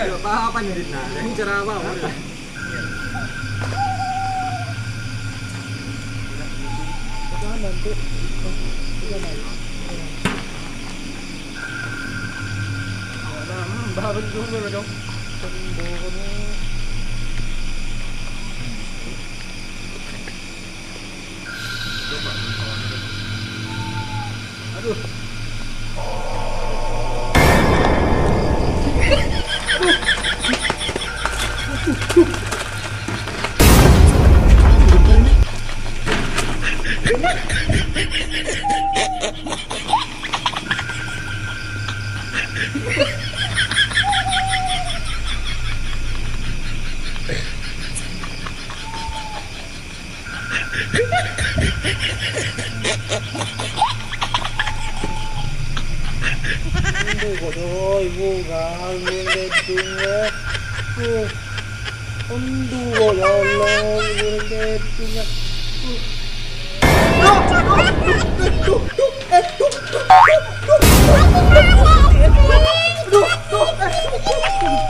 Pahapan din na. Yung saraba. Nanti. Wala, bawal dulu dong. Tembok Aduh. của tôi vô cả nguyên lên tiếng nhé ông đu bộ lò lò nguyên lên tiếng nhé Hãy subscribe cho kênh Ghiền Mì Gõ Để không bỏ lỡ những video hấp dẫn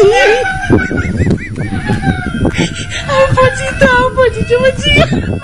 Dinheiro. Ai, pode, então, Patinho, tchau,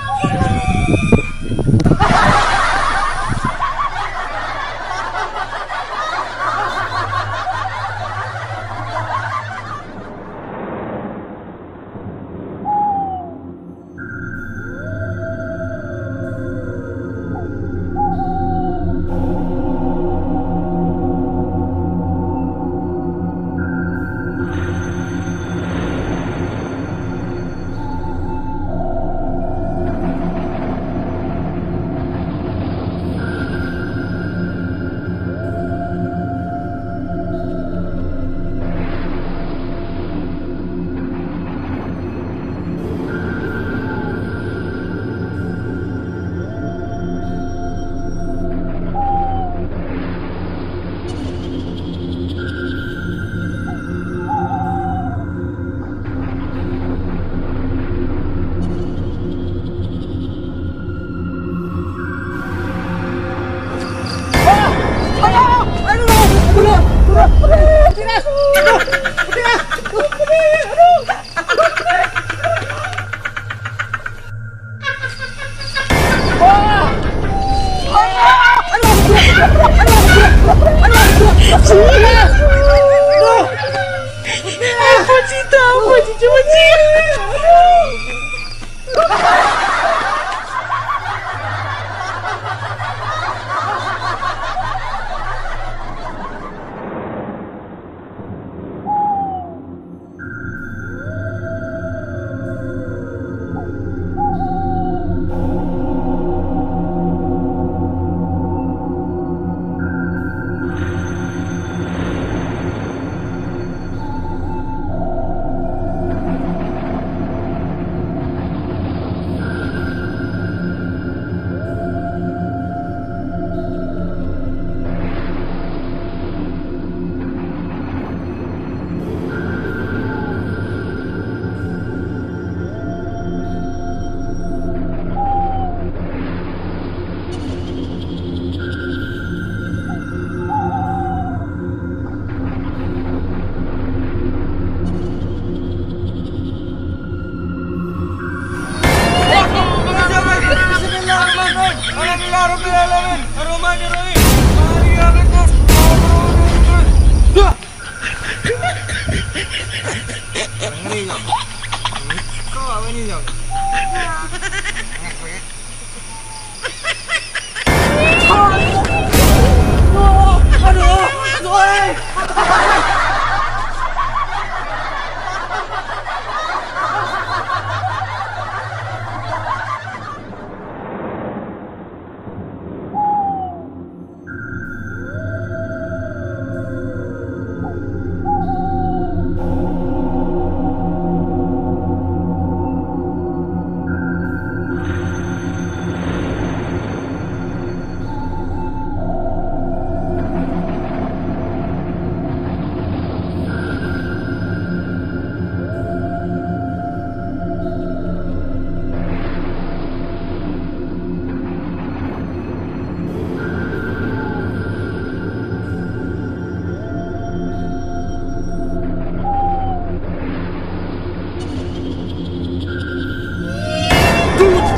救命！啊，快点我快点救我姐！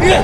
Yeah.